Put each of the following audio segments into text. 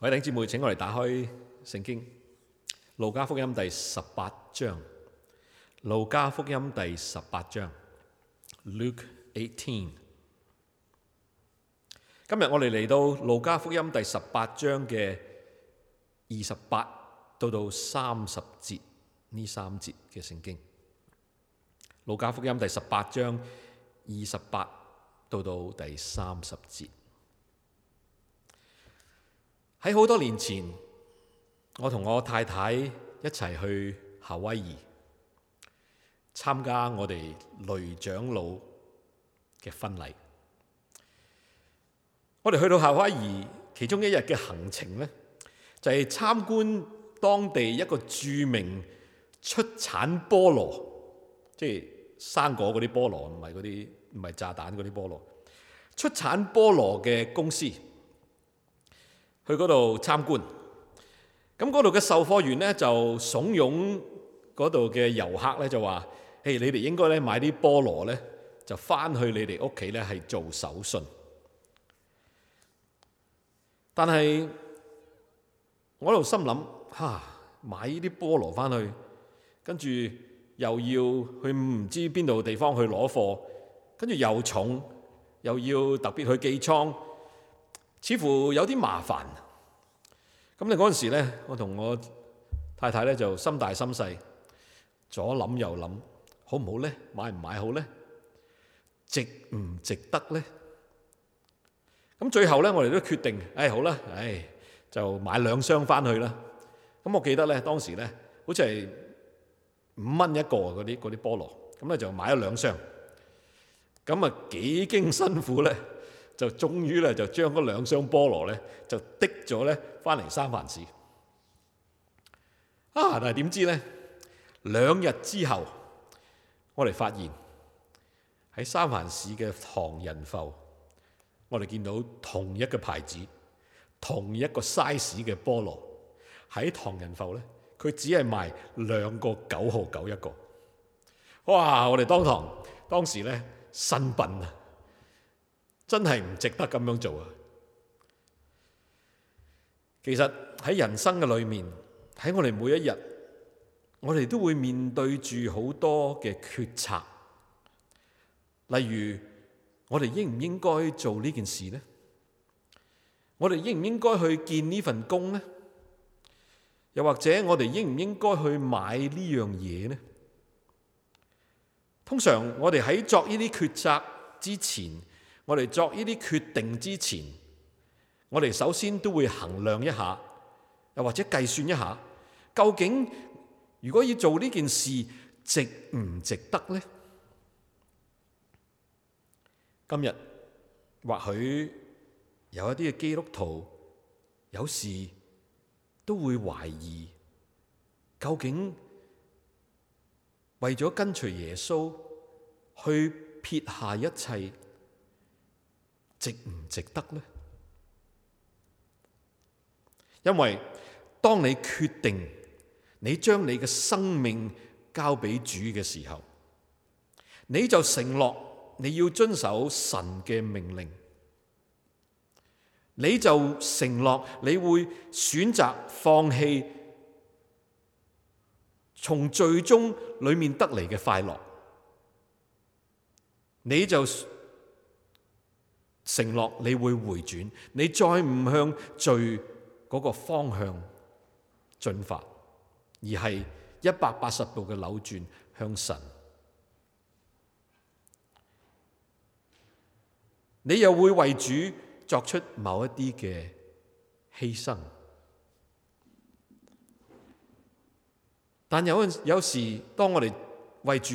各位弟兄姊妹，請我哋打開聖經《路加福音》第十八章，《路加福音》第十八章 （Luke 18）。今日我哋嚟到《路加福音》第十八章嘅二十八到到三十節呢三節嘅聖經，《路加福音》第十八章二十八到到第三十節。喺好多年前，我同我太太一齊去夏威夷參加我哋雷長老嘅婚禮。我哋去到夏威夷，其中一日嘅行程呢，就係參觀當地一個著名出產菠蘿，即係生果嗰啲菠蘿，唔係嗰啲，唔係炸彈嗰啲菠蘿，出產菠蘿嘅公司。去嗰度參觀，咁嗰度嘅售貨員呢，就慫恿嗰度嘅遊客呢，就話：誒，你哋應該咧買啲菠蘿呢，就翻去你哋屋企呢，係做手信。但係我喺度心諗，嚇、啊、買呢啲菠蘿翻去，跟住又要去唔知邊度地方去攞貨，跟住又重，又要特別去寄倉。似乎有啲麻煩，咁咧嗰陣時咧，我同我太太咧就心大心細，左諗右諗，好唔好咧？買唔買好咧？值唔值得咧？咁最後咧，我哋都決定，誒好啦，誒就買兩箱返去啦。咁我記得咧，當時咧好似係五蚊一個嗰啲嗰啲菠蘿，咁咧就買咗兩箱。咁啊幾經辛苦咧～就終於咧，就將嗰兩箱菠蘿咧，就滴咗咧，翻嚟三藩市。啊！但係點知咧，兩日之後，我哋發現喺三藩市嘅唐人埠，我哋見到同一個牌子、同一個 size 嘅菠蘿喺唐人埠咧，佢只係賣兩個九毫九一個。哇！我哋當堂當時咧，新笨啊！真係唔值得咁樣做啊！其實喺人生嘅裏面，喺我哋每一日，我哋都會面對住好多嘅決策。例如，我哋應唔應該做呢件事呢？我哋應唔應該去見呢份工呢？又或者我哋應唔應該去買呢樣嘢呢？通常我哋喺作呢啲決策之前。我哋作呢啲決定之前，我哋首先都會衡量一下，又或者計算一下，究竟如果要做呢件事，值唔值得呢？今日或許有一啲嘅基督徒，有時都會懷疑，究竟為咗跟隨耶穌，去撇下一切。值唔值得呢？因為當你決定你將你嘅生命交俾主嘅時候，你就承諾你要遵守神嘅命令，你就承諾你會選擇放棄從最終裏面得嚟嘅快樂，你就。承諾你會回轉，你再唔向罪嗰個方向進發，而係一百八十度嘅扭轉向神，你又會為主作出某一啲嘅犧牲。但有陣有時當我哋為主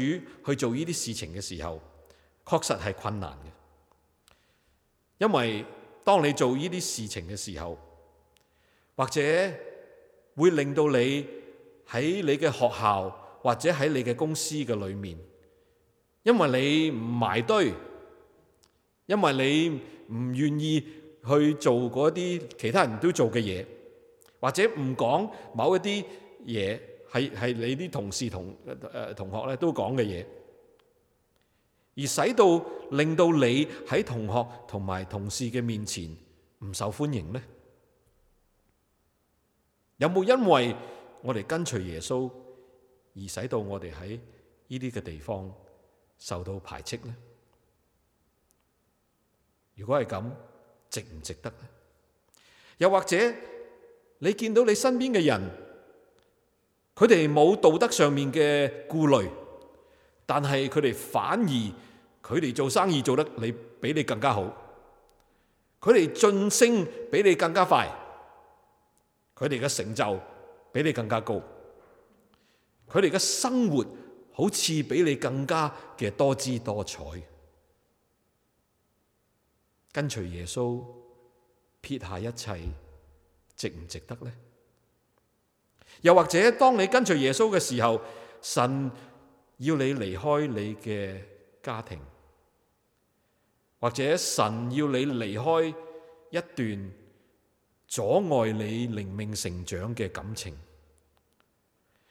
去做呢啲事情嘅時候，確實係困難嘅。因為當你做呢啲事情嘅時候，或者會令到你喺你嘅學校或者喺你嘅公司嘅裏面，因為你唔埋堆，因為你唔願意去做嗰啲其他人都做嘅嘢，或者唔講某一啲嘢，係係你啲同事同誒同學咧都講嘅嘢。而使到令到你喺同學同埋同事嘅面前唔受歡迎呢？有冇因為我哋跟隨耶穌而使到我哋喺呢啲嘅地方受到排斥呢？如果係咁，值唔值得呢？又或者你見到你身邊嘅人，佢哋冇道德上面嘅顧慮？但係佢哋反而佢哋做生意做得你比你更加好，佢哋晉升比你更加快，佢哋嘅成就比你更加高，佢哋嘅生活好似比你更加嘅多姿多彩。跟隨耶穌撇下一切，值唔值得呢？又或者當你跟隨耶穌嘅時候，神？要你離開你嘅家庭，或者神要你離開一段阻礙你靈命成長嘅感情，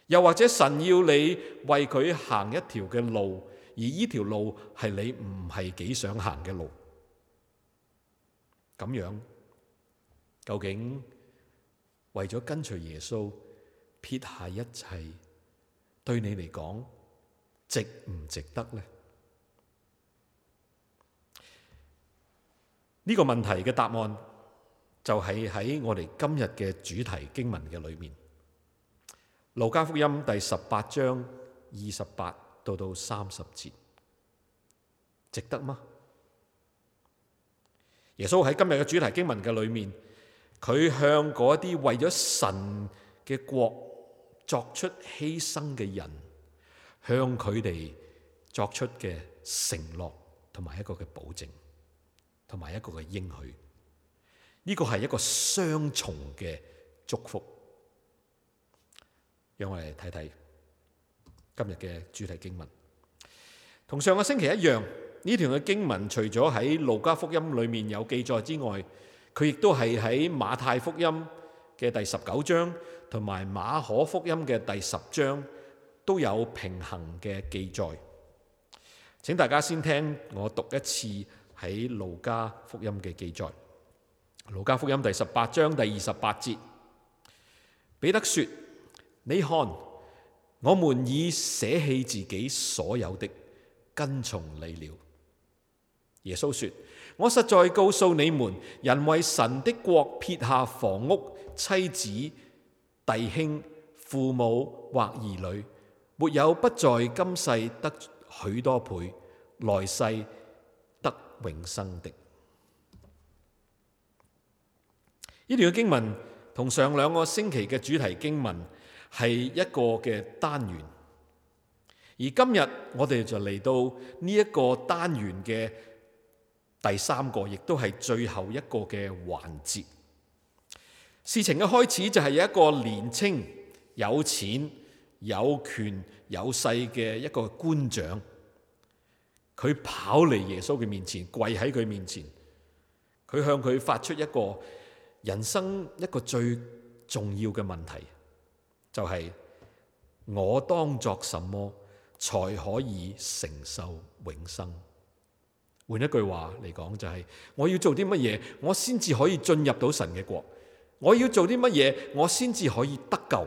又或者神要你為佢行一條嘅路，而呢條路係你唔係幾想行嘅路，咁樣，究竟為咗跟隨耶穌，撇下一切，對你嚟講？值唔值得呢？呢、呢個問題嘅答案就係喺我哋今日嘅主題經文嘅裏面，《路加福音》第十八章二十八到到三十節，值得嗎？耶穌喺今日嘅主題經文嘅裏面，佢向嗰啲為咗神嘅國作出犧牲嘅人。向佢哋作出嘅承諾同埋一個嘅保證同埋一個嘅應許，呢個係一個雙重嘅祝福。讓我哋睇睇今日嘅主題經文，同上個星期一樣，呢段嘅經文除咗喺路加福音裏面有記載之外，佢亦都係喺馬太福音嘅第十九章同埋馬可福音嘅第十章。都有平衡嘅記載。請大家先聽我讀一次喺路加福音嘅記載。路加福音第十八章第二十八節，彼得說：你看，我們已捨棄自己所有的，跟從你了。耶穌說：我實在告訴你們，人為神的國撇下房屋、妻子、弟兄、父母或兒女。沒有不在今世得許多倍，來世得永生的。呢段嘅經文同上兩個星期嘅主題經文係一個嘅單元，而今日我哋就嚟到呢一個單元嘅第三個，亦都係最後一個嘅環節。事情嘅開始就係有一個年青有錢。有權有勢嘅一個官長，佢跑嚟耶穌嘅面前，跪喺佢面前，佢向佢發出一個人生一個最重要嘅問題，就係我當作什麼才可以承受永生？換一句話嚟講，就係我要做啲乜嘢，我先至可以進入到神嘅國；我要做啲乜嘢，我先至可以得救。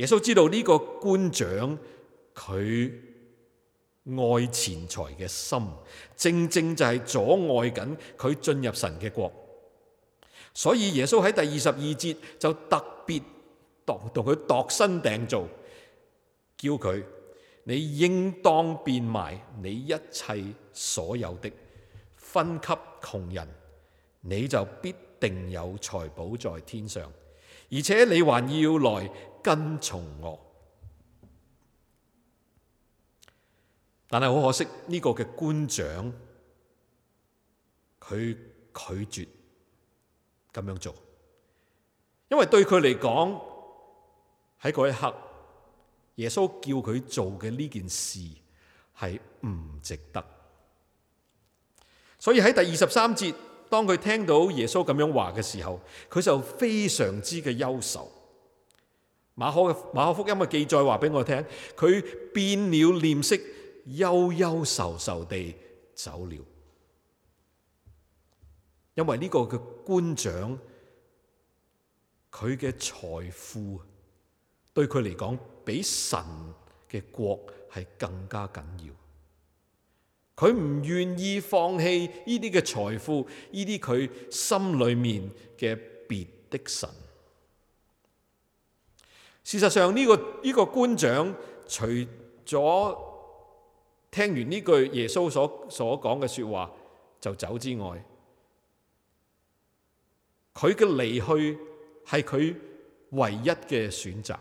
耶穌知道呢個官長佢愛錢財嘅心，正正就係阻礙緊佢進入神嘅國。所以耶穌喺第二十二節就特別度同佢度身訂造，叫佢：你應當變賣你一切所有的，分給窮人，你就必定有財寶在天上。而且你還要來。跟從我，但係好可惜呢個嘅官長，佢拒絕咁樣做，因為對佢嚟講喺嗰一刻，耶穌叫佢做嘅呢件事係唔值得，所以喺第二十三節，當佢聽到耶穌咁樣話嘅時候，佢就非常之嘅憂愁。馬可嘅馬可福音嘅記載話俾我聽，佢變了臉色，憂憂愁愁地走了。因為呢個嘅官長，佢嘅財富對佢嚟講，比神嘅國係更加緊要。佢唔願意放棄呢啲嘅財富，呢啲佢心裏面嘅別的神。事實上，呢個呢個官長，除咗聽完呢句耶穌所所講嘅説話就走之外，佢嘅離去係佢唯一嘅選擇，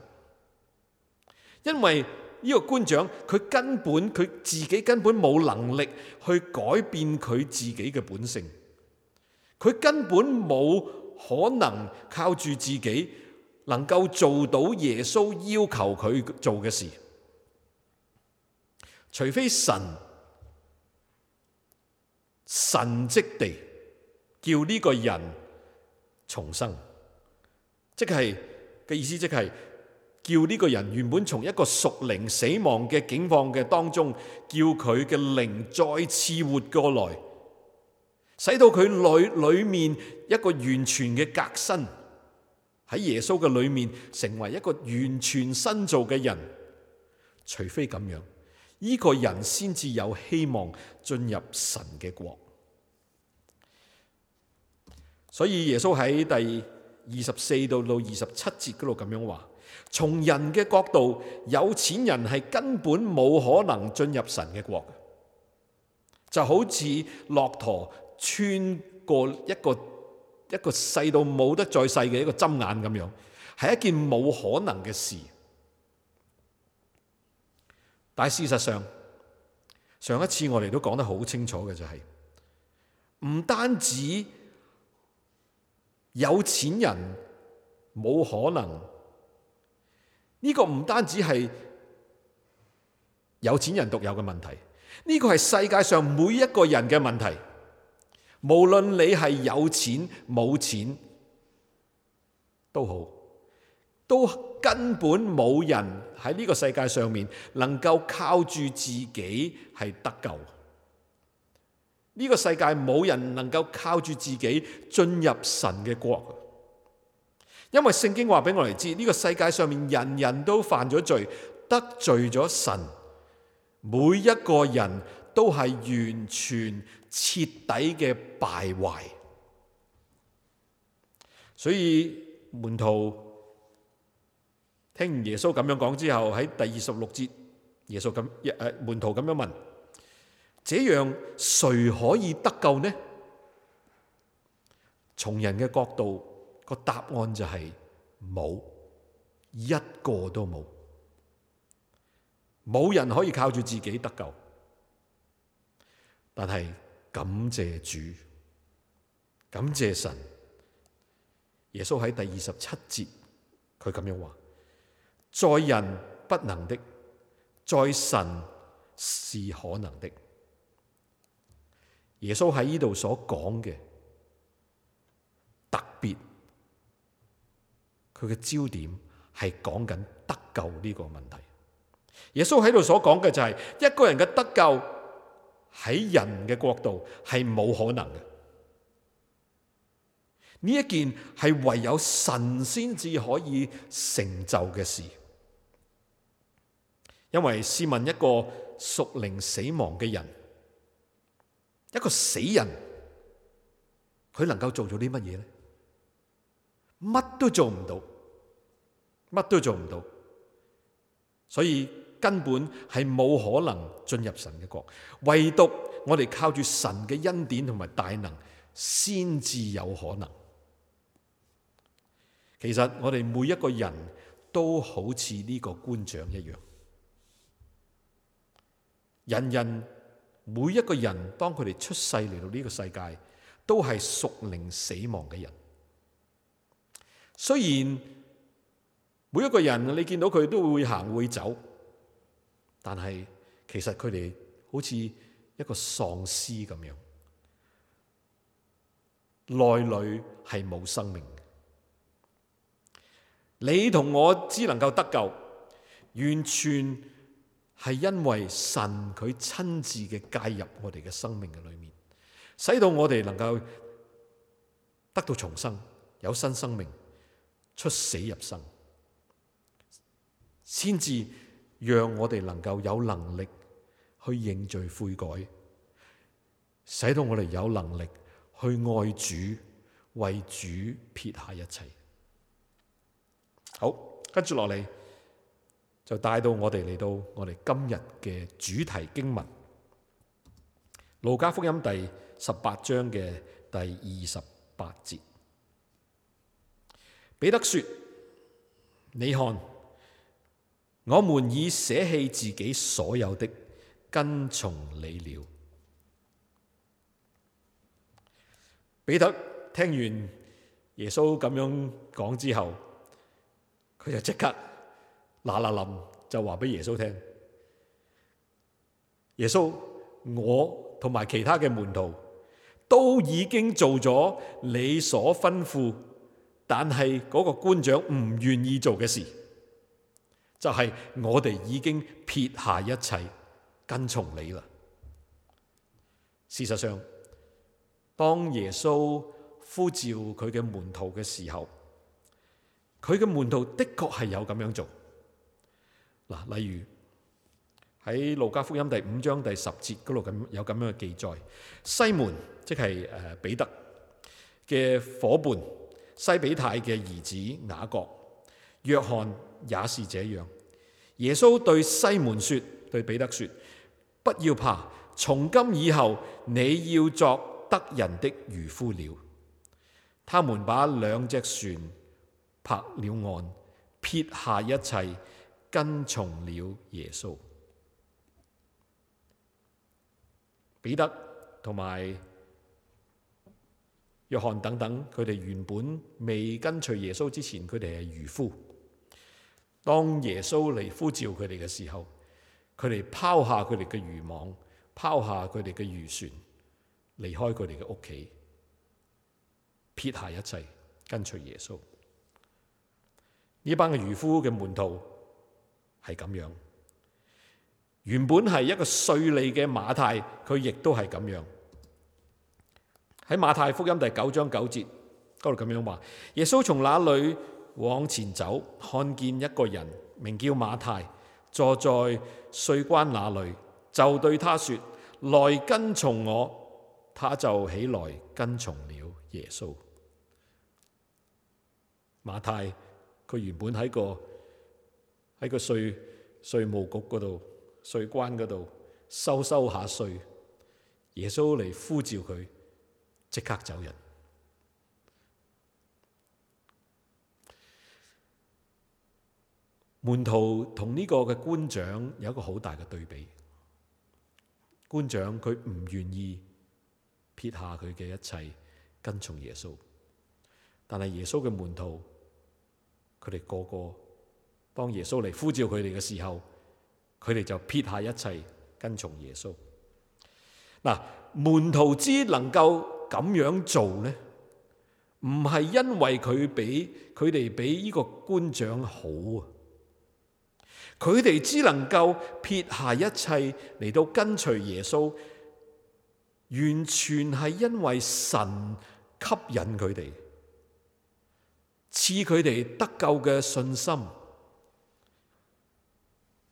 因為呢個官長佢根本佢自己根本冇能力去改變佢自己嘅本性，佢根本冇可能靠住自己。能夠做到耶穌要求佢做嘅事，除非神神蹟地叫呢個人重生，即係嘅意思，即係叫呢個人原本從一個屬靈死亡嘅境況嘅當中，叫佢嘅靈再次活過來，使到佢內裏面一個完全嘅革新。喺耶穌嘅裏面成為一個完全新造嘅人，除非咁樣，呢個人先至有希望進入神嘅國。所以耶穌喺第二十四度到二十七節嗰度咁樣話：從人嘅角度，有錢人係根本冇可能進入神嘅國就好似駱駝穿過一個。一個細到冇得再細嘅一個針眼咁樣，係一件冇可能嘅事。但係事實上，上一次我哋都講得好清楚嘅就係、是，唔單止有錢人冇可能，呢、這個唔單止係有錢人獨有嘅問題，呢、這個係世界上每一個人嘅問題。無論你係有錢冇錢都好，都根本冇人喺呢個世界上面能夠靠住自己係得救。呢個世界冇人能夠靠住自己進入神嘅國。因為聖經話俾我哋知，呢個世界上面人人都犯咗罪，得罪咗神，每一個人。都係完全徹底嘅敗壞，所以門徒聽完耶穌咁樣講之後，喺第二十六節，耶穌咁誒門徒咁樣問：這樣誰可以得救呢？從人嘅角度，個答案就係冇，一個都冇，冇人可以靠住自己得救。但係感謝主，感謝神，耶穌喺第二十七節，佢咁樣話：在人不能的，在神是可能的。耶穌喺呢度所講嘅特別，佢嘅焦點係講緊得救呢個問題。耶穌喺度所講嘅就係、是、一個人嘅得救。喺人嘅角度係冇可能嘅，呢一件係唯有神先至可以成就嘅事。因為試問一個屬靈死亡嘅人，一個死人，佢能夠做到啲乜嘢呢？乜都做唔到，乜都做唔到，所以。根本係冇可能進入神嘅國，唯獨我哋靠住神嘅恩典同埋大能，先至有可能。其實我哋每一個人都好似呢個官長一樣，人人，每一個人當佢哋出世嚟，到呢個世界，都係屬靈死亡嘅人。雖然每一個人你見到佢都會行會走。但係，其實佢哋好似一個喪屍咁樣，內裏係冇生命嘅。你同我只能夠得救，完全係因為神佢親自嘅介入我哋嘅生命嘅裏面，使到我哋能夠得到重生，有新生命，出死入生，先至。讓我哋能夠有能力去認罪悔改，使到我哋有能力去愛主、為主撇下一切。好，跟住落嚟就帶到我哋嚟到我哋今日嘅主題經文《路加福音》第十八章嘅第二十八節。彼得說：「你看。我們已捨棄自己所有的，跟從你了。彼得聽完耶穌咁樣講之後，佢就即刻嗱嗱淋就話俾耶穌聽：耶穌，我同埋其他嘅門徒都已經做咗你所吩咐，但係嗰個官長唔願意做嘅事。就係、是、我哋已經撇下一切跟從你啦。事實上，當耶穌呼召佢嘅門徒嘅時候，佢嘅門徒的確係有咁樣做。嗱，例如喺路加福音第五章第十節嗰度咁有咁樣嘅記載，西門即係彼得嘅伙伴，西比太嘅兒子雅各。約翰也是這樣。耶穌對西門說，對彼得說：不要怕，從今以後你要作得人的漁夫了。他們把兩隻船泊了岸，撇下一切，跟從了耶穌。彼得同埋約翰等等，佢哋原本未跟隨耶穌之前，佢哋係漁夫。當耶穌嚟呼召佢哋嘅時候，佢哋拋下佢哋嘅漁網，拋下佢哋嘅漁船，離開佢哋嘅屋企，撇下一切跟隨耶穌。呢班嘅漁夫嘅門徒係咁樣。原本係一個稅吏嘅馬太，佢亦都係咁樣。喺馬太福音第九章九節，嗰度咁樣話：耶穌從哪裏？往前走，看見一個人名叫馬太，坐在稅關那裏，就對他說：來跟從我。他就起來跟從了耶穌。馬太佢原本喺個喺個稅稅務局嗰度，稅關嗰度收收下稅。耶穌嚟呼召佢，即刻走人。門徒同呢個嘅官長有一個好大嘅對比。官長佢唔願意撇下佢嘅一切跟從耶穌，但係耶穌嘅門徒，佢哋個個當耶穌嚟呼召佢哋嘅時候，佢哋就撇下一切跟從耶穌。嗱，門徒之能夠咁樣做咧，唔係因為佢比佢哋比呢個官長好啊。佢哋只能夠撇下一切嚟到跟隨耶穌，完全係因為神吸引佢哋，賜佢哋得救嘅信心，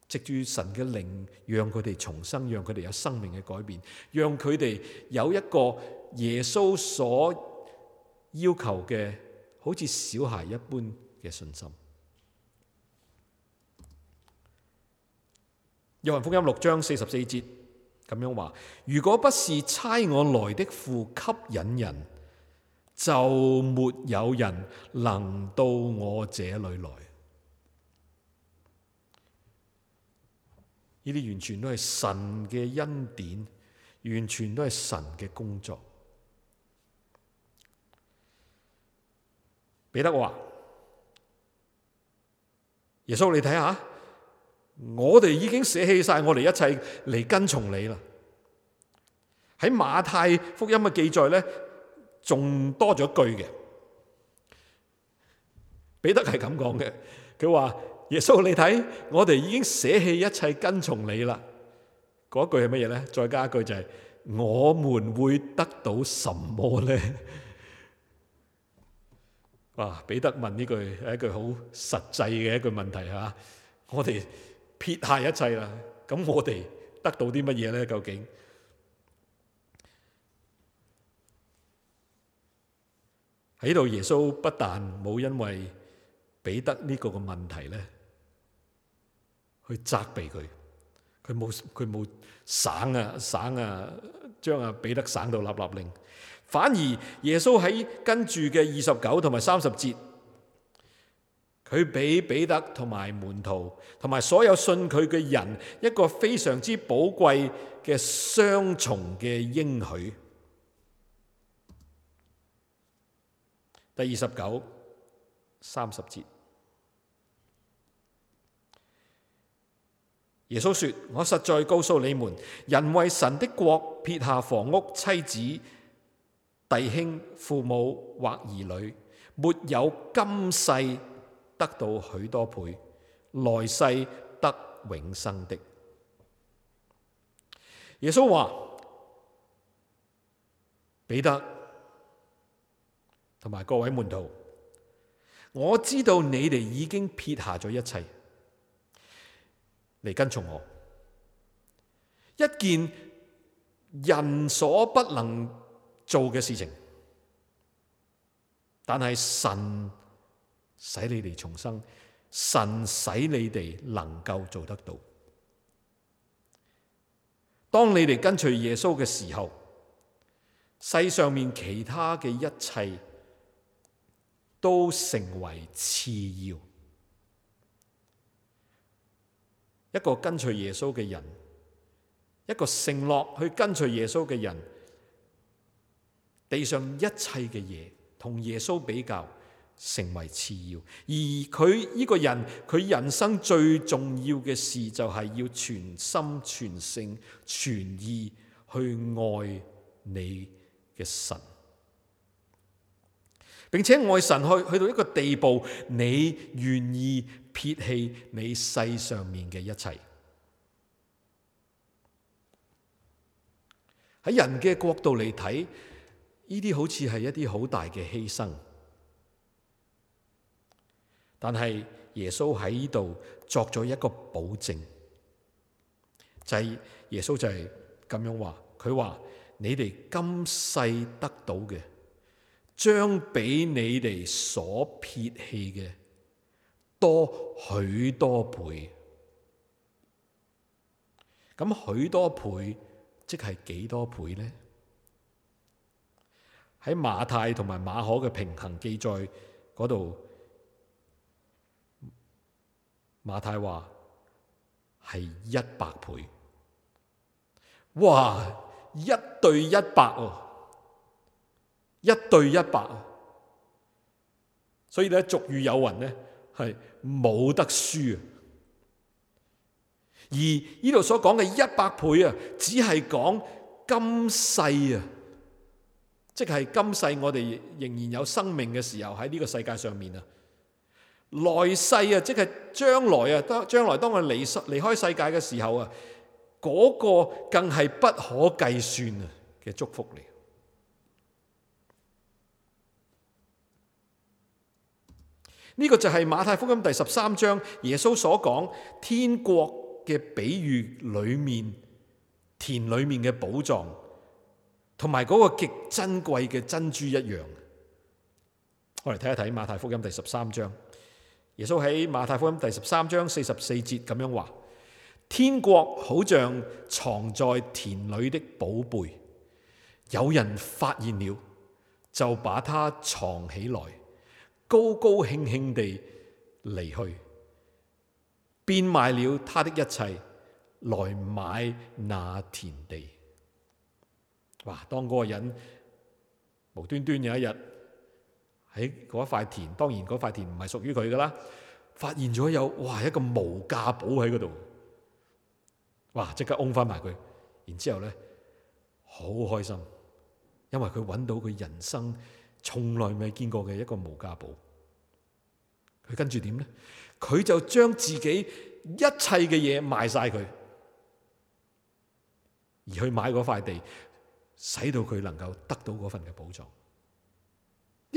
藉住神嘅靈，讓佢哋重生，讓佢哋有生命嘅改變，讓佢哋有一個耶穌所要求嘅，好似小孩一般嘅信心。約翰福音六章四十四節咁樣話：如果不是差我來的父吸引人，就沒有人能到我這裏來。呢啲完全都係神嘅恩典，完全都係神嘅工作。彼得話、啊：耶穌，你睇下。我哋已經捨棄晒我哋一切嚟跟從你啦。喺馬太福音嘅記載呢，仲多咗句嘅。彼得係咁講嘅，佢話，耶穌，你睇，我哋已經捨棄一切跟從你啦。嗰句係乜嘢呢？再加一句就係、是、我們會得到什麼呢？」哇！彼得問呢句係一句好實際嘅一個問題吓，我哋。撇下一切啦，咁我哋得到啲乜嘢咧？究竟喺度？耶穌不但冇因為彼得呢個個問題咧，去責備佢，佢冇佢冇省啊省啊，將阿彼得省到立立令，反而耶穌喺跟住嘅二十九同埋三十節。佢俾彼得同埋門徒同埋所有信佢嘅人一個非常之寶貴嘅雙重嘅應許。第二十九、三十節，耶穌說，我實在告訴你們，人為神的國撇下房屋、妻子、弟兄、父母或兒女，沒有今世得到許多倍，來世得永生的。耶穌話：彼得同埋各位門徒，我知道你哋已經撇下咗一切嚟跟從我，一件人所不能做嘅事情，但係神，使你哋重生，神使你哋能夠做得到。當你哋跟隨耶穌嘅時候，世上面其他嘅一切都成為次要。一個跟隨耶穌嘅人，一個承諾去跟隨耶穌嘅人，地上一切嘅嘢同耶穌比較，成為次要，而佢依個人，佢人生最重要嘅事就係要全心全性全意去愛你嘅神，並且愛神去去到一個地步，你願意撇棄你世上面嘅一切。喺人嘅角度嚟睇，呢啲好似係一啲好大嘅犧牲。但係耶穌喺度作咗一個保證，就係耶穌就係咁樣話，佢話你哋今世得到嘅，將比你哋所撇棄嘅多許多倍。咁許多倍即係幾多倍呢？喺馬太同埋馬可嘅平衡記載嗰度。馬太話係一百倍，哇！一對一百哦，一對一百啊！所以咧，俗語有云咧，係冇得輸啊。而呢度所講嘅一百倍啊，只係講今世啊，即係今世我哋仍然有生命嘅時候喺呢個世界上面啊。來世啊，即係將來啊，當將來當我離世離開世界嘅時候啊，嗰、嗰個更係不可計算啊嘅祝福嚟。呢、呢個就係馬太福音第十三章耶穌所講天國嘅比喻裏面田裏面嘅寶藏，同埋嗰個極珍貴嘅珍珠一樣。我嚟睇一睇馬太福音第十三章。耶穌耶穌喺馬太福音第十三章四十四節咁樣話：「天國好像藏在田裏的寶貝，有人發現了，就把它藏起來，高高興興地離去，變賣了他的一切來買那田地。」哇！當嗰個人無端端有一日。喺、哎、嗰一塊田，當然嗰塊田唔係屬於佢噶啦。發現咗有，哇有一個無價寶喺嗰度，哇即刻揞返埋佢，然之後咧，好開心，因為佢搵到佢人生從來未見過嘅一個無價寶。佢跟住點咧？佢就將自己一切嘅嘢，賣晒佢，而去買嗰塊地，使到佢能夠得到嗰份嘅寶藏。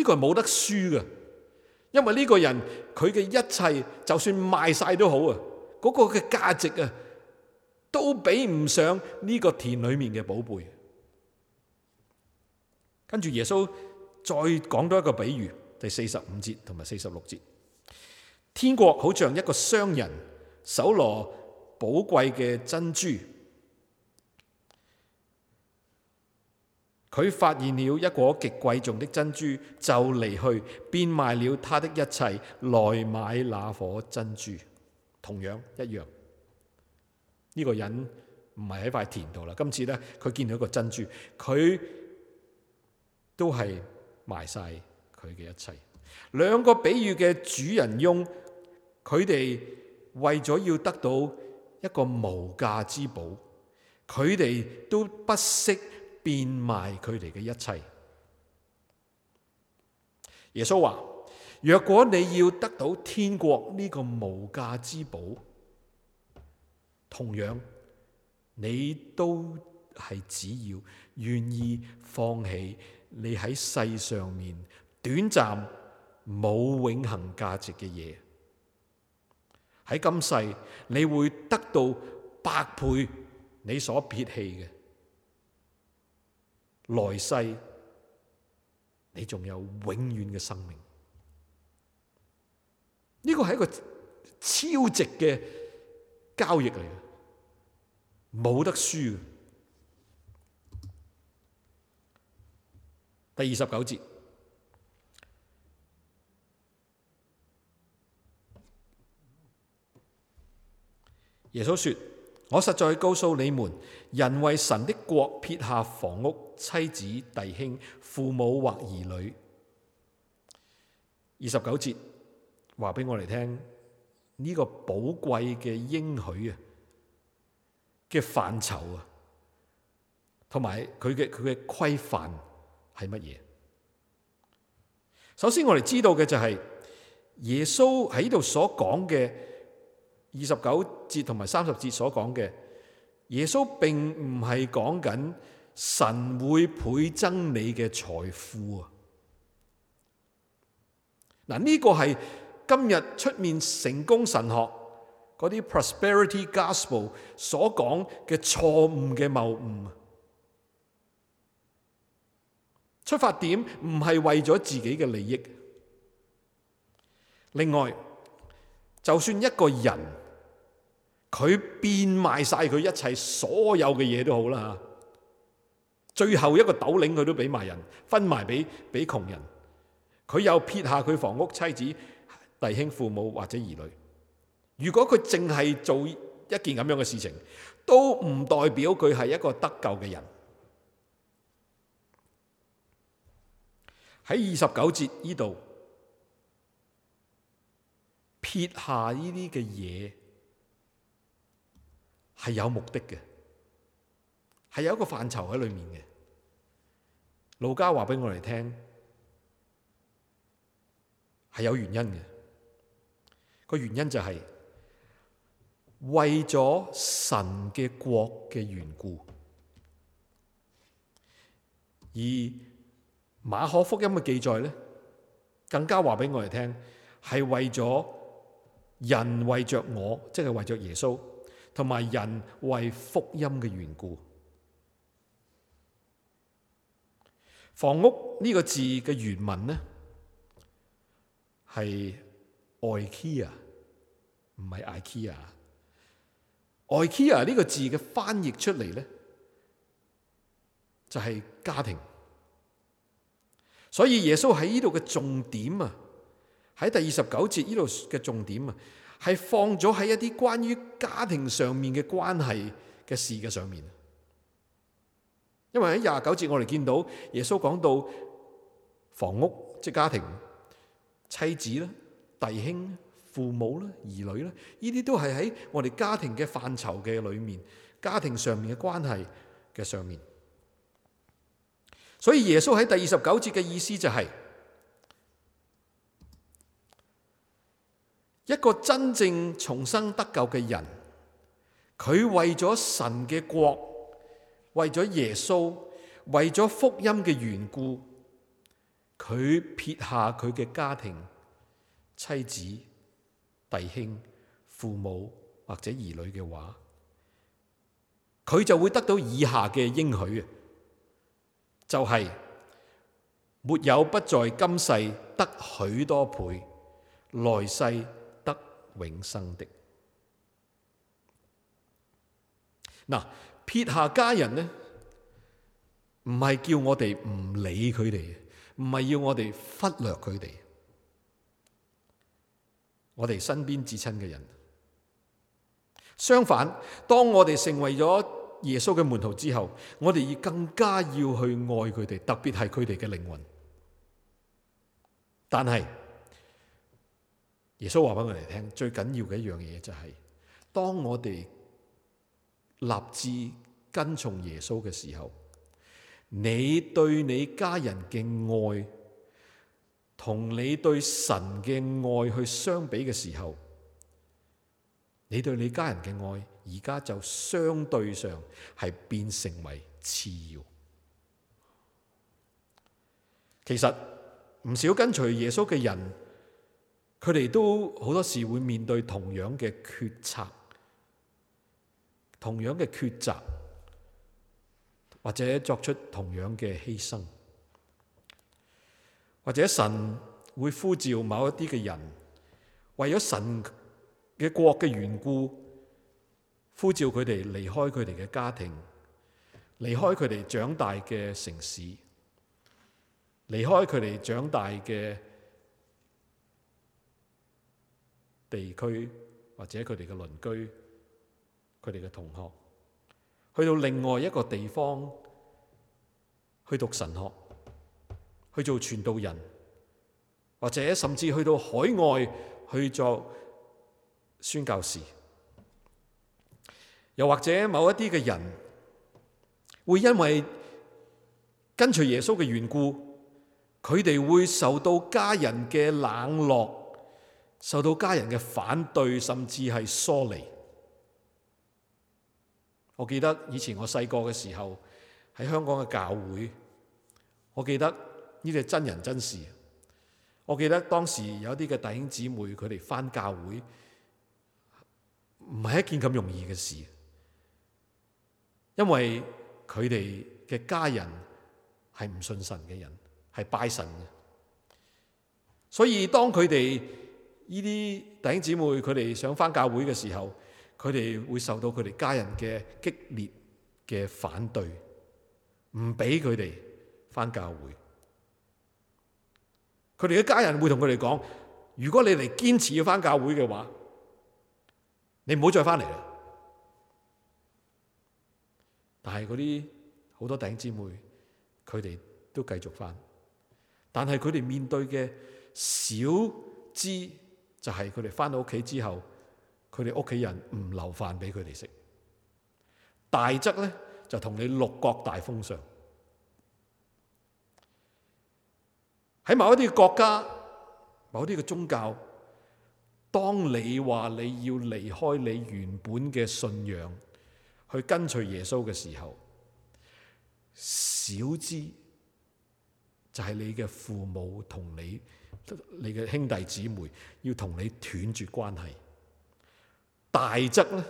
呢個係冇得輸噶因為呢個人佢嘅一切，就算賣晒都好啊，嗰個嘅價值啊，都比唔上呢個田裏面嘅寶貝。跟住耶穌再講多一個比喻，第四十五節同埋四十六節，天國好像一個商人搜羅寶貴嘅珍珠。佢發現了一顆極貴重的珍珠，就離去變賣了他的一切，來買那顆珍珠。同樣一樣，呢、這個人唔係喺塊田度啦。今次呢，佢見到個珍珠，佢都係賣晒佢嘅一切。兩個比喻嘅主人翁，佢哋為咗要得到一個無價之寶，佢哋都不惜。變賣佢哋嘅一切。耶穌話：若果你要得到天國呢個無價之寶，同樣你都係只要願意放棄你喺世上面短暫冇永恆價值嘅嘢。喺今世，你會得到百倍你所撇棄嘅。來世，你仲有永遠嘅生命。呢個係一個超值嘅交易嚟嘅，冇得輸。第二十九節，耶穌說：我實在告訴你們。人為神的國撇下房屋、妻子、弟兄、父母或兒女。二十九節話俾我哋聽呢個寶貴嘅應許啊嘅範疇啊，同埋佢嘅佢嘅規範係乜嘢？首先我哋知道嘅就係耶穌喺度所講嘅二十九節同埋三十節所講嘅。耶穌並唔係講緊神會倍增你嘅財富啊！嗱，呢個係今日出面成功神學嗰啲 Prosperity Gospel 所講嘅錯誤嘅謬誤啊！出發點唔係為咗自己嘅利益。另外，就算一個人。佢變賣晒佢一切所有嘅嘢都好啦，最後一個鬥零佢都俾埋人，分埋俾俾窮人。佢又撇下佢房屋、妻子、弟兄、父母或者兒女。如果佢淨係做一件咁樣嘅事情，都唔代表佢係一個得救嘅人。喺二十九節呢度，撇下呢啲嘅嘢。係有目的嘅，係有一個範疇喺裏面嘅。路加話俾我哋聽，係有原因嘅。個原因就係、是、為咗神嘅國嘅緣故。而馬可福音嘅記載呢，更加話俾我哋聽，係為咗人為着我，即、就、係、是、為着耶穌。同埋人為福音嘅緣故，房屋呢個字嘅原文呢係 IKEA，唔係 IKEA。IKEA 呢個字嘅翻譯出嚟呢，就係家庭，所以耶穌喺呢度嘅重點啊，喺第二十九節呢度嘅重點啊。係放咗喺一啲關於家庭上面嘅關係嘅事嘅上面，因為喺廿九節我哋見到耶穌講到房屋即係家庭，妻子啦、弟兄、父母啦、兒女啦，呢啲都係喺我哋家庭嘅範疇嘅裏面，家庭上面嘅關係嘅上面。所以耶穌喺第二十九節嘅意思就係、是。一個真正重生得救嘅人，佢為咗神嘅國，為咗耶穌，為咗福音嘅緣故，佢撇下佢嘅家庭、妻子、弟兄、父母或者兒女嘅話，佢就會得到以下嘅應許，就係、是、沒有不在今世得許多倍，來世。永生的。嗱，撇下家人呢，唔係叫我哋唔理佢哋，唔係要我哋忽略佢哋，我哋身邊至親嘅人。相反，當我哋成為咗耶穌嘅門徒之後，我哋要更加要去愛佢哋，特別係佢哋嘅靈魂。但係。耶穌話俾我哋聽，最緊要嘅一樣嘢就係，當我哋立志跟從耶穌嘅時候，你對你家人嘅愛，同你對神嘅愛去相比嘅時候，你對你家人嘅愛而家就相對上係變成為次要。其實唔少跟隨耶穌嘅人。佢哋都好多時會面對同樣嘅決策、同樣嘅抉擇，或者作出同樣嘅犧牲，或者神會呼召某一啲嘅人，為咗神嘅國嘅緣故，呼召佢哋離開佢哋嘅家庭，離開佢哋長大嘅城市，離開佢哋長大嘅地區或者佢哋嘅鄰居、佢哋嘅同學，去到另外一個地方去讀神學，去做傳道人，或者甚至去到海外去做宣教士，又或者某一啲嘅人會因為跟隨耶穌嘅緣故，佢哋會受到家人嘅冷落。受到家人嘅反對，甚至係疏離。我記得以前我細個嘅時候，喺香港嘅教會，我記得呢啲係真人真事。我記得當時有一啲嘅弟兄姊妹，佢哋返教會，唔係一件咁容易嘅事，因為佢哋嘅家人係唔信神嘅人，係拜神嘅，所以當佢哋，呢啲弟兄姊妹佢哋想翻教會嘅時候，佢哋會受到佢哋家人嘅激烈嘅反對，唔俾佢哋翻教會。佢哋嘅家人會同佢哋講：如果你嚟堅持要翻教會嘅話，你唔好再翻嚟啦。但係嗰啲好多弟兄姊妹，佢哋都繼續翻，但係佢哋面對嘅少之。就係佢哋返到屋企之後，佢哋屋企人唔留飯俾佢哋食。大則呢，就同你六國大封相。喺某一啲國家、某啲嘅宗教，當你話你要離開你原本嘅信仰去跟隨耶穌嘅時候，小之就係你嘅父母同你。你嘅兄弟姊妹要同你斷絕關係，大則呢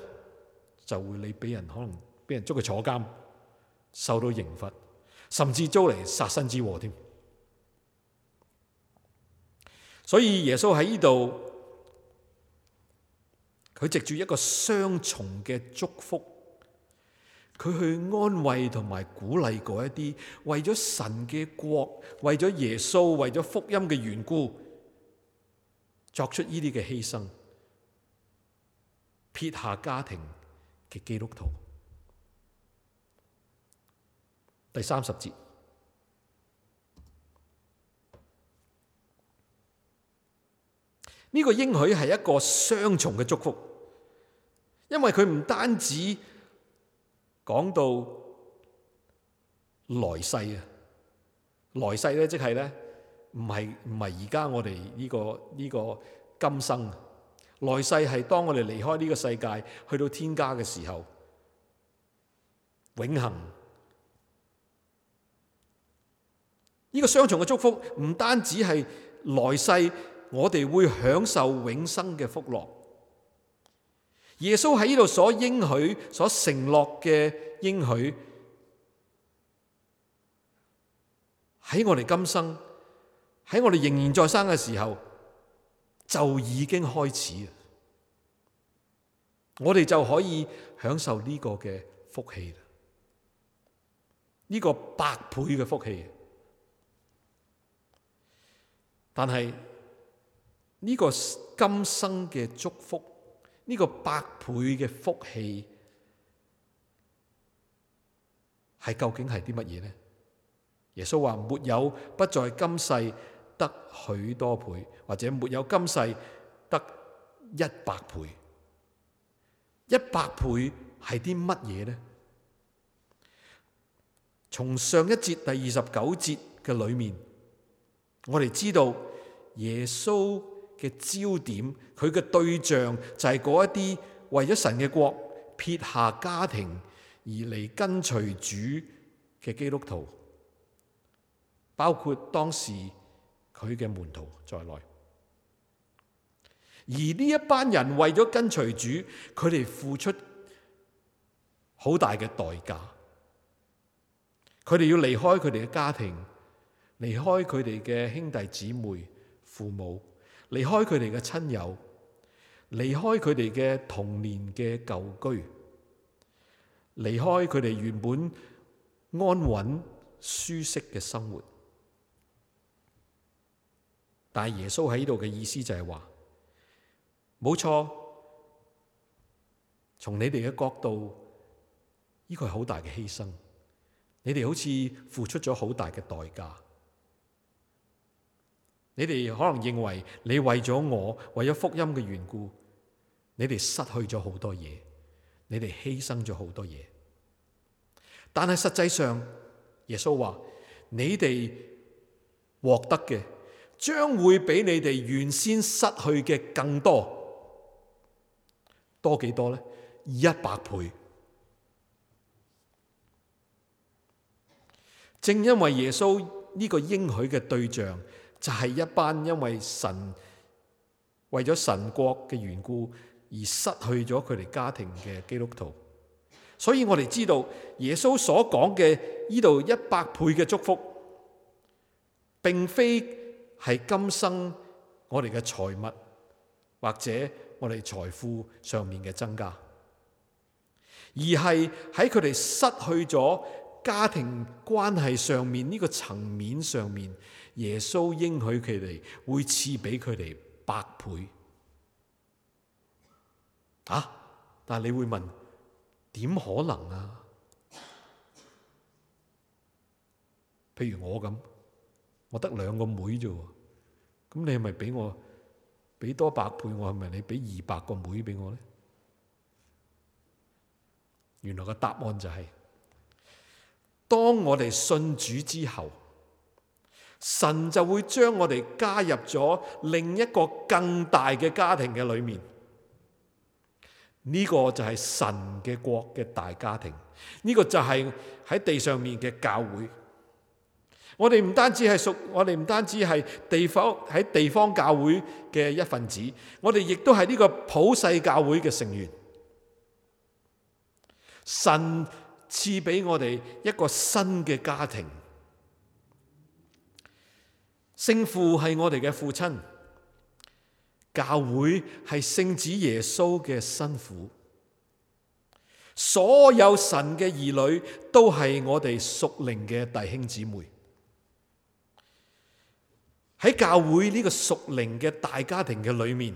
就會你俾人可能俾人捉佢坐監，受到刑罰，甚至遭嚟殺身之禍添。所以耶穌喺呢度，佢藉住一個雙重嘅祝福。佢去安慰同埋鼓勵過一啲為咗神嘅國、為咗耶穌、為咗福音嘅緣故，作出呢啲嘅犧牲，撇下家庭嘅基督徒。第三十節，呢個應許係一個雙重嘅祝福，因為佢唔單止。講到來世啊，來世咧即係咧，唔係唔係而家我哋呢個呢個今生。來世係當我哋離開呢個世界，去到天家嘅時候，永恆。呢、這個雙重嘅祝福唔單止係來世，我哋會享受永生嘅福樂。耶穌喺呢度所應許、所承諾嘅應許，喺我哋今生，喺我哋仍然在生嘅時候就已經開始了，我哋就可以享受呢個嘅福氣啦，呢個百倍嘅福氣。但係呢個今生嘅祝福。呢個百倍嘅福氣，係究竟係啲乜嘢呢？耶穌話：沒有不在今世得許多倍，或者沒有今世得一百倍。一百倍係啲乜嘢呢？從上一節，第二十九節嘅裏面，我哋知道耶穌嘅焦點，佢嘅對象就係嗰一啲為咗神嘅國撇下家庭而嚟跟隨主嘅基督徒，包括當時佢嘅門徒在內。而呢一班人為咗跟隨主，佢哋付出好大嘅代價。佢哋要離開佢哋嘅家庭，離開佢哋嘅兄弟姊妹、父母。離開佢哋嘅親友，離開佢哋嘅童年嘅舊居，離開佢哋原本安穩舒適嘅生活。但耶穌喺呢度嘅意思就係話，冇錯，從你哋嘅角度，呢個係好大嘅犧牲，你哋好似付出咗好大嘅代價。你哋可能認為你為咗我，為咗福音嘅緣故，你哋失去咗好多嘢，你哋犧牲咗好多嘢。但係實際上，耶穌話：你哋獲得嘅，將會比你哋原先失去嘅更多。多幾多呢？一百倍。正因為耶穌呢個應許嘅對象。就係一班因為神為咗神國嘅緣故而失去咗佢哋家庭嘅基督徒，所以我哋知道耶穌所講嘅呢度一百倍嘅祝福，並非係今生我哋嘅財物或者我哋財富上面嘅增加，而係喺佢哋失去咗家庭關係上面呢個層面上面。耶穌應許佢哋會賜俾佢哋百倍。啊！但係你會問點可能啊？譬如我咁，我得兩個妹啫，咁你係咪俾我俾多百倍？我係咪你俾二百個妹俾我咧？原來個答案就係，當我哋信主之後。神就會將我哋加入咗另一個更大嘅家庭嘅裏面，呢個就係神嘅國嘅大家庭，呢個就係喺地上面嘅教會。我哋唔單止係屬，我哋唔單止係地方喺地方教會嘅一份子，我哋亦都係呢個普世教會嘅成員。神賜俾我哋一個新嘅家庭。聖父係我哋嘅父親，教會係聖子耶穌嘅新婦，所有神嘅兒女都係我哋屬靈嘅弟兄姊妹。喺教會呢個屬靈嘅大家庭嘅裏面，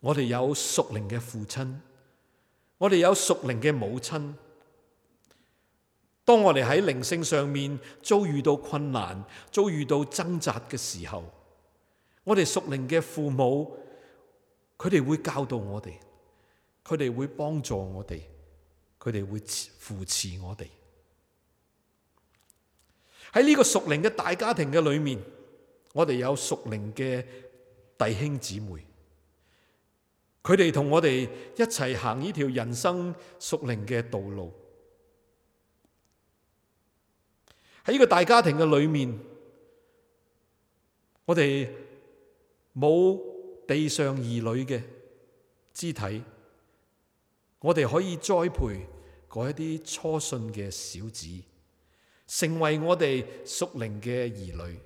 我哋有屬靈嘅父親，我哋有屬靈嘅母親。當我哋喺靈性上面遭遇到困難、遭遇到掙扎嘅時候，我哋屬靈嘅父母，佢哋會教導我哋，佢哋會幫助我哋，佢哋會扶持我哋。喺呢個屬靈嘅大家庭嘅裏面，我哋有屬靈嘅弟兄姊妹，佢哋同我哋一齊行呢條人生屬靈嘅道路。喺呢個大家庭嘅裏面，我哋冇地上兒女嘅肢體，我哋可以栽培嗰一啲初信嘅小子，成為我哋屬靈嘅兒女。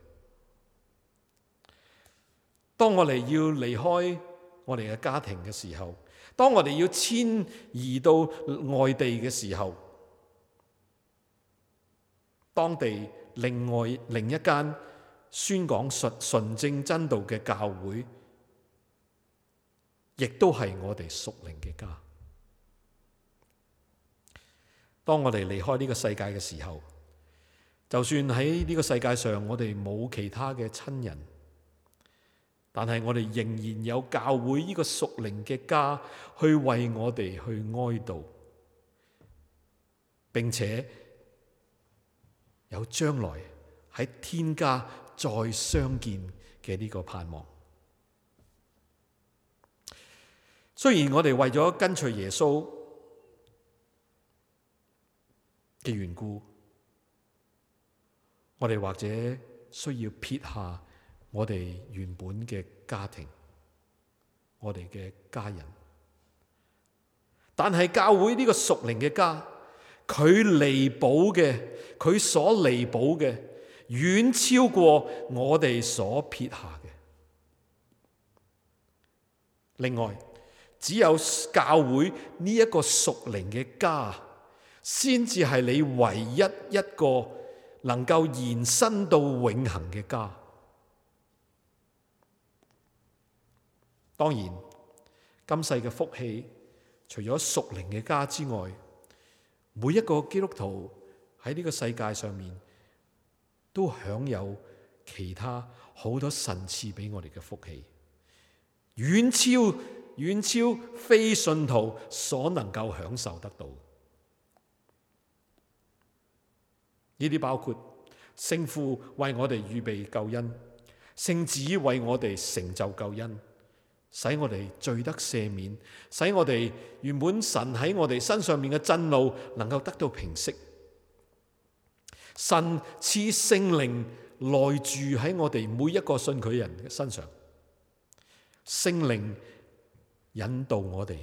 當我哋要離開我哋嘅家庭嘅時候，當我哋要遷移到外地嘅時候，當地另外另一間宣講純純正真道嘅教會，亦都係我哋屬靈嘅家。當我哋離開呢個世界嘅時候，就算喺呢個世界上我哋冇其他嘅親人，但係我哋仍然有教會呢個屬靈嘅家去為我哋去哀悼，並且，有將來喺天家再相見嘅呢個盼望。雖然我哋為咗跟隨耶穌嘅緣故，我哋或者需要撇下我哋原本嘅家庭，我哋嘅家人，但係教會呢個屬靈嘅家。佢彌補嘅，佢所彌補嘅，遠超過我哋所撇下嘅。另外，只有教會呢一個屬靈嘅家，先至係你唯一一個能夠延伸到永恆嘅家。當然，今世嘅福氣，除咗屬靈嘅家之外。每一個基督徒喺呢個世界上面，都享有其他好多神賜俾我哋嘅福氣，遠超遠超非信徒所能夠享受得到。呢啲包括聖父為我哋預備救恩，聖子為我哋成就救恩。使我哋罪得赦免，使我哋原本神喺我哋身上面嘅震怒能夠得到平息。神賜聖靈內住喺我哋每一個信佢人嘅身上，聖靈引導我哋，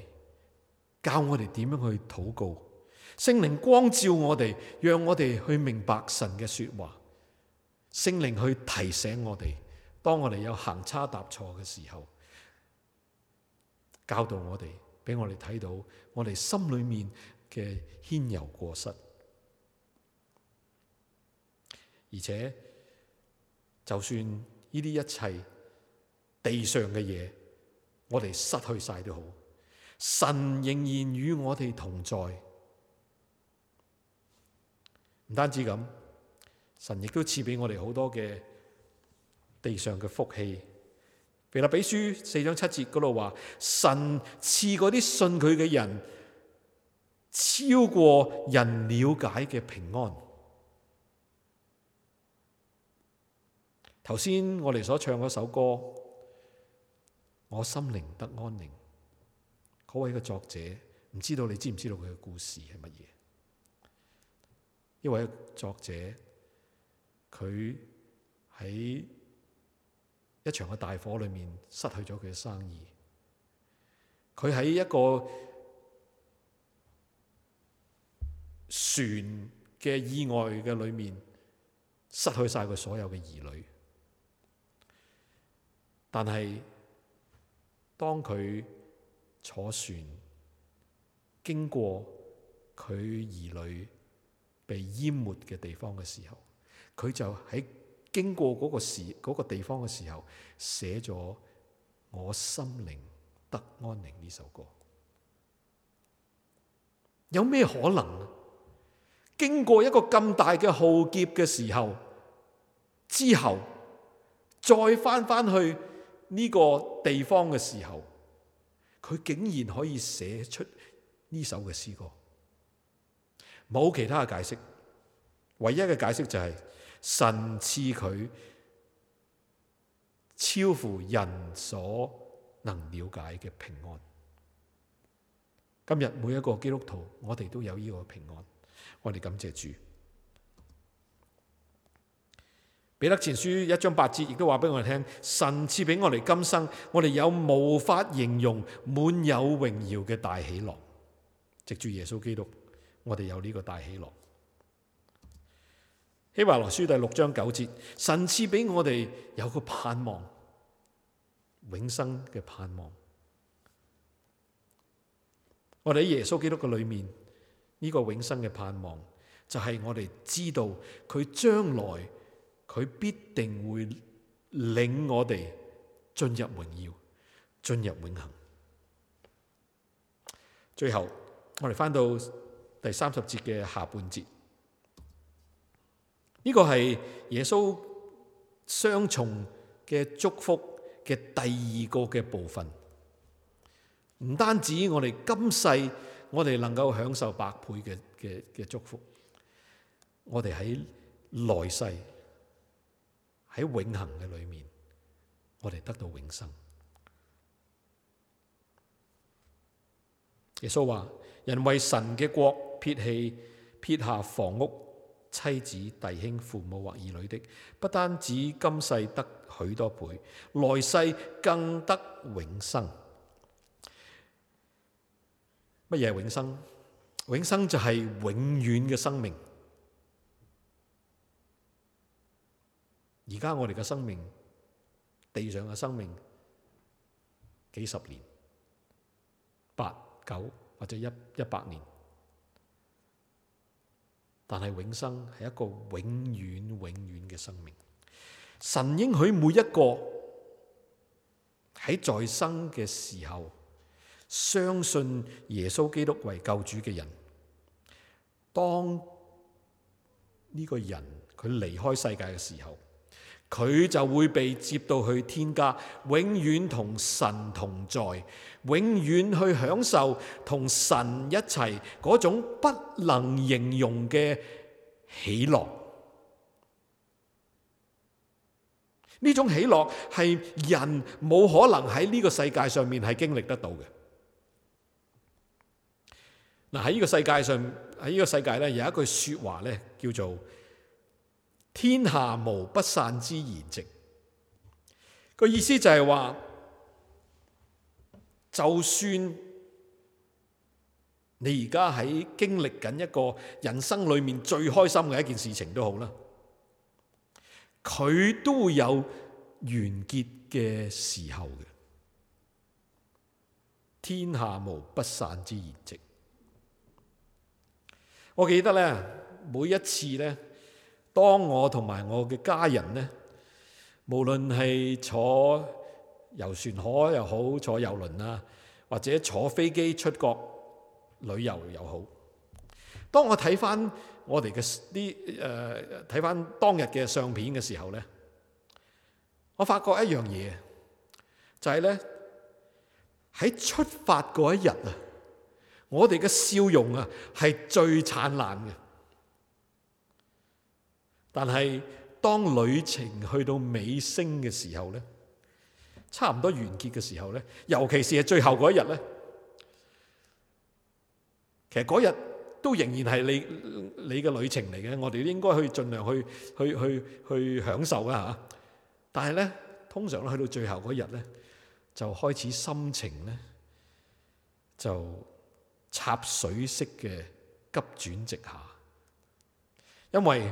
教我哋點樣去禱告，聖靈光照我哋，讓我哋去明白神嘅說話，聖靈去提醒我哋，當我哋有行差踏錯嘅時候。教導我哋，俾我哋睇到我哋心裏面嘅牽柔過失，而且就算呢啲一切地上嘅嘢，我哋失去晒都好，神仍然與我哋同在。唔單止咁，神亦都賜俾我哋好多嘅地上嘅福氣。腓立比書四章七節嗰度話，神賜嗰啲信佢嘅人超過人了解嘅平安。頭先我哋所唱嗰首歌，我心靈得安寧。嗰位嘅作者，唔知道你知唔知道佢嘅故事係乜嘢？一位作者，佢喺。一場嘅大火裏面失去咗佢嘅生意，佢喺一個船嘅意外嘅裏面失去晒佢所有嘅兒女，但係當佢坐船經過佢兒女被淹沒嘅地方嘅時候，佢就喺。經過嗰個時、嗰個地方嘅時候，寫咗《我心靈得安寧》呢首歌，有咩可能啊？經過一個咁大嘅浩劫嘅時候，之後再翻翻去呢個地方嘅時候，佢竟然可以寫出呢首嘅詩歌，冇其他嘅解釋，唯一嘅解釋就係、是。神賜佢超乎人所能了解嘅平安。今日每一個基督徒，我哋都有呢個平安，我哋感謝主。彼得前書一章八節亦都話俾我哋聽，神賜俾我哋今生，我哋有無法形容滿有榮耀嘅大喜樂。藉住耶穌基督，我哋有呢個大喜樂。希伯來書第六章九節，神賜俾我哋有個盼望，永生嘅盼望。我哋喺耶穌基督嘅裏面，呢個永生嘅盼望，就係我哋知道佢將來佢必定會領我哋進入榮耀，進入永恒。最後，我哋翻到第三十節嘅下半節。呢個係耶穌雙重嘅祝福嘅第二個嘅部分，唔單止我哋今世我哋能夠享受百倍嘅嘅嘅祝福，我哋喺來世喺永恒嘅裏面，我哋得到永生。耶穌話：人為神嘅國撇棄撇下房屋。妻子、弟兄、父母或兒女的，不單止今世得許多倍，來世更得永生。乜嘢係永生？永生就係永遠嘅生命。而家我哋嘅生命，地上嘅生命，幾十年、八九或者一一百年。但係永生係一個永遠永遠嘅生命，神應許每一個喺在在生嘅時候相信耶穌基督為救主嘅人，當呢個人佢離開世界嘅時候，佢就會被接到去天家，永遠同神同在，永遠去享受同神一齊嗰種不能形容嘅喜樂。呢種喜樂係人冇可能喺呢個世界上面係經歷得到嘅。嗱，喺呢個世界上，喺呢個世界呢，有一句説話呢叫做。天下無不散之筵席。個意思就係話，就算你而家喺經歷緊一個人生裏面最開心嘅一件事情都好啦，佢都會有完結嘅時候嘅。天下無不散之筵席。我記得咧，每一次咧。當我同埋我嘅家人呢，無論係坐遊船河又好，坐遊輪啊，或者坐飛機出國旅遊又好，當我睇翻我哋嘅啲誒睇翻當日嘅相片嘅時候呢，我發覺一樣嘢，就係呢：喺出發嗰一日啊，我哋嘅笑容啊係最燦爛嘅。但係，當旅程去到尾聲嘅時候呢，差唔多完結嘅時候呢，尤其是係最後嗰一日呢，其實嗰日都仍然係你你嘅旅程嚟嘅，我哋應該去盡量去去去去享受㗎吓。但係呢，通常去到最後嗰日呢，就開始心情呢，就插水式嘅急轉直下，因為。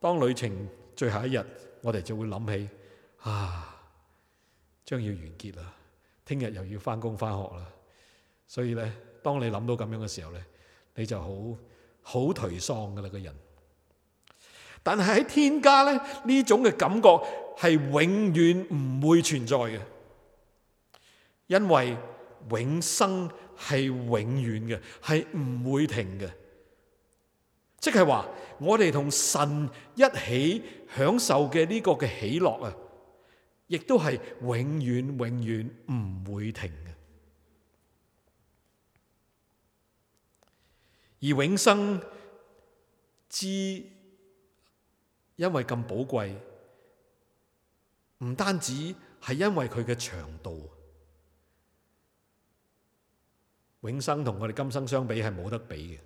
當旅程最後一日，我哋就會諗起，即係話，我哋同神一起享受嘅呢個嘅喜樂啊，亦都係永遠永遠唔會停嘅。而永生之因為咁寶貴，唔單止係因為佢嘅長度，永生同我哋今生相比係冇得比嘅。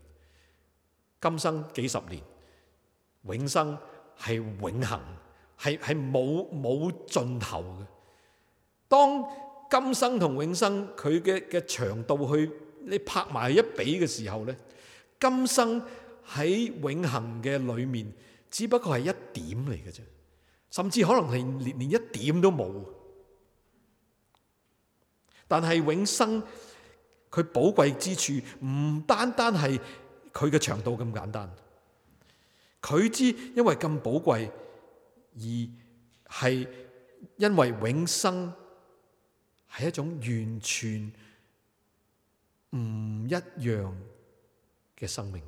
今生幾十年，永生係永恆，係係冇冇盡頭嘅。當今生同永生佢嘅嘅長度去你拍埋一比嘅時候呢，今生喺永恆嘅裏面，只不過係一點嚟嘅啫，甚至可能係連連一點都冇。但係永生佢寶貴之處，唔單單係。佢嘅長度咁簡單，佢知因為咁寶貴，而係因為永生係一種完全唔一樣嘅生命。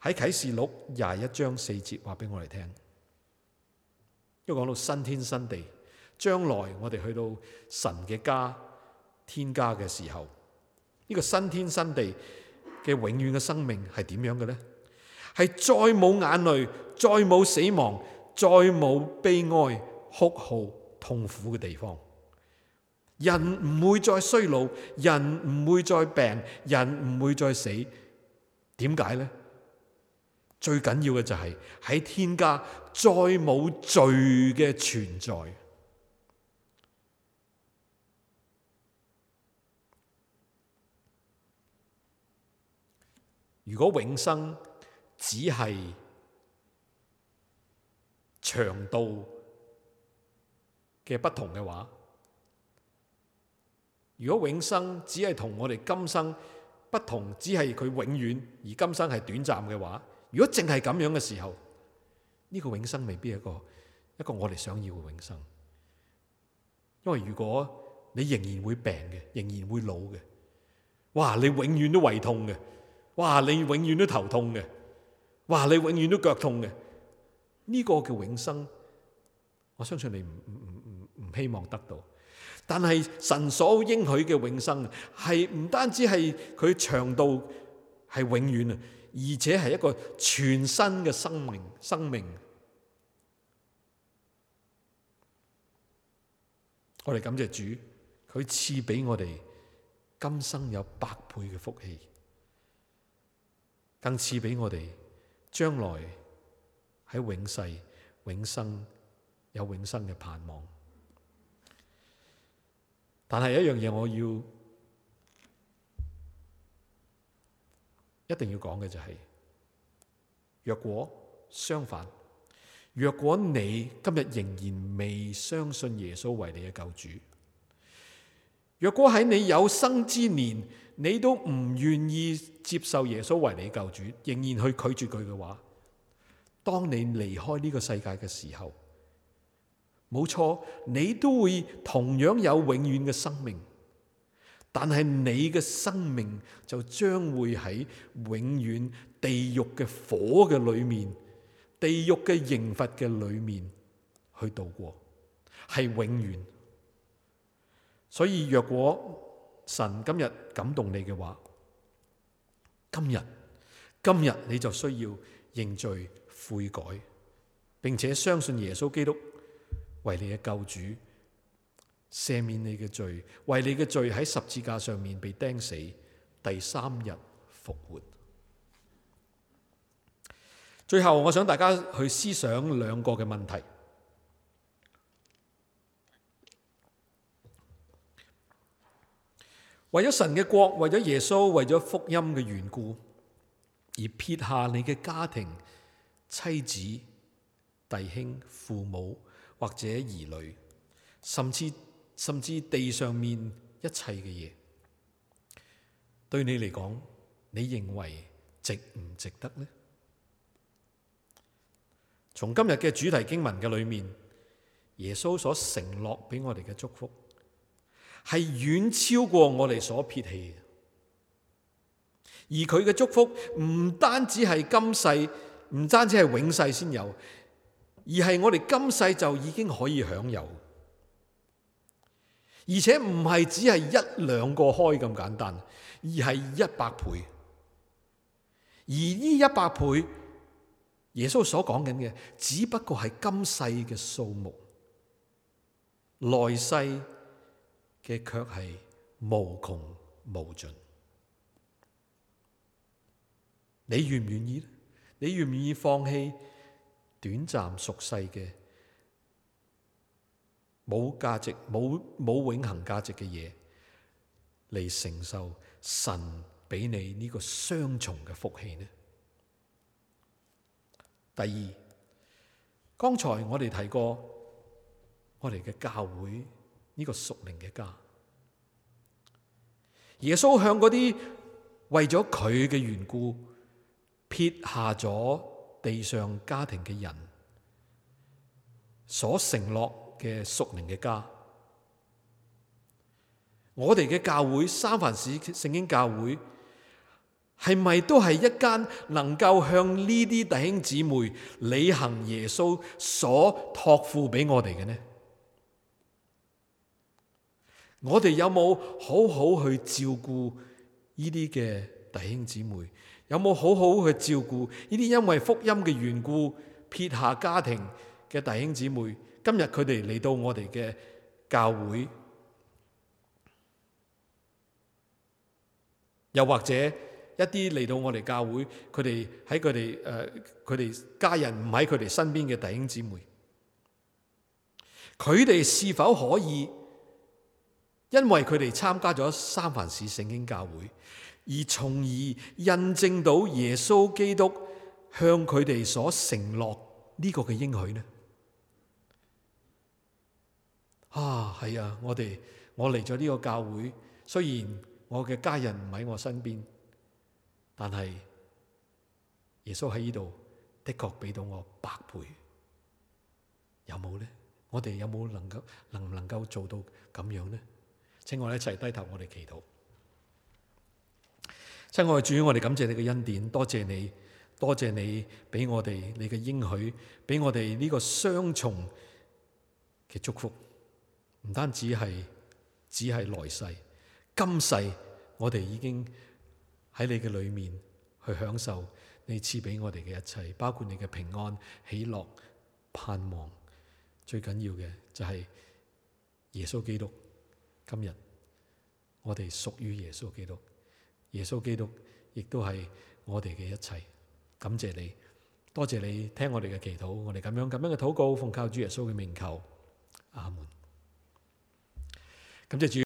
喺啟示錄廿一章四節話俾我哋聽，都講到新天新地，將來我哋去到神嘅家。天家嘅時候，呢、這個新天新地嘅永遠嘅生命係點樣嘅呢？係再冇眼淚，再冇死亡，再冇悲哀、哭號、痛苦嘅地方。人唔會再衰老，人唔會再病，人唔會再死。點解呢？最緊要嘅就係喺天家再冇罪嘅存在。如果永生只係長度嘅不同嘅話，如果永生只係同我哋今生不同，只係佢永遠而今生係短暫嘅話，如果淨係咁樣嘅時候，呢個永生未必係一個一個我哋想要嘅永生，因為如果你仍然會病嘅，仍然會老嘅，哇！你永遠都胃痛嘅。哇！你永遠都頭痛嘅，哇！你永遠都腳痛嘅，呢個叫永生。我相信你唔唔唔希望得到，但係神所應許嘅永生，係唔單止係佢長度係永遠啊，而且係一個全新嘅生命。生命，我哋感謝主，佢賜俾我哋今生有百倍嘅福氣。更賜俾我哋將來喺永世永生有永生嘅盼望。但係一樣嘢，我要一定要講嘅就係、是，若果相反，若果你今日仍然未相信耶穌為你嘅救主，若果喺你有生之年。你都唔願意接受耶穌為你救主，仍然去拒絕佢嘅話，當你離開呢個世界嘅時候，冇錯，你都會同樣有永遠嘅生命，但係你嘅生命就將會喺永遠地獄嘅火嘅裏面，地獄嘅刑罰嘅裏面去度過，係永遠。所以若果，神今日感動你嘅話，今日今日你就需要認罪悔改，並且相信耶穌基督為你嘅救主，赦免你嘅罪，為你嘅罪喺十字架上面被釘死，第三日復活。最後，我想大家去思想兩個嘅問題。為咗神嘅國，為咗耶穌，為咗福音嘅緣故，而撇下你嘅家庭、妻子、弟兄、父母或者兒女，甚至甚至地上面一切嘅嘢，對你嚟講，你認為值唔值得呢？從今日嘅主題經文嘅裏面，耶穌所承諾俾我哋嘅祝福，係遠超過我哋所撇棄嘅，而佢嘅祝福唔單止係今世，唔單止係永世先有，而係我哋今世就已經可以享有。而且唔係只係一兩個開咁簡單，而係一百倍。而呢一百倍，耶穌所講緊嘅，只不過係今世嘅數目，來世嘅卻係無窮無盡，你願唔願意呢？你願唔願意放棄短暫屬世嘅冇價值、冇冇永恒價值嘅嘢，嚟承受神俾你個的呢個雙重嘅福氣呢？第二，剛才我哋提過我哋嘅教會。呢、這個屬靈嘅家，耶穌向嗰啲為咗佢嘅緣故撇下咗地上家庭嘅人，所承諾嘅屬靈嘅家，我哋嘅教會，三藩市聖經教會，係咪都係一間能夠向呢啲弟兄姊妹履行耶穌所託付俾我哋嘅呢？我哋有冇好好去照顧呢啲嘅弟兄姊妹？有冇好好去照顧呢啲因為福音嘅緣故撇下家庭嘅弟兄姊妹？今日佢哋嚟到我哋嘅教會，又或者一啲嚟到我哋教會，佢哋喺佢哋誒，佢哋家人唔喺佢哋身邊嘅弟兄姊妹，佢哋是否可以？因為佢哋參加咗三藩市聖經教會，而從而印證到耶穌基督向佢哋所承諾呢個嘅應許呢？啊，係啊！我哋我嚟咗呢個教會，雖然我嘅家人唔喺我身邊，但係耶穌喺呢度的確俾到我百倍，有冇呢？我哋有冇能夠能唔能夠做到咁樣呢？請我哋一齊低頭，我哋祈禱。親愛的主，我哋感謝你嘅恩典，多謝你，多謝你俾我哋你嘅應許，俾我哋呢個雙重嘅祝福，唔單止係，只係來世，今世我哋已經喺你嘅裏面去享受你賜俾我哋嘅一切，包括你嘅平安、喜樂、盼望，最緊要嘅就係耶穌基督。今日我哋屬於耶穌基督，耶穌基督亦都係我哋嘅一切。感謝你，多謝你聽我哋嘅祈禱，我哋咁樣咁樣嘅禱告，奉靠主耶穌嘅名求，阿門。感謝主。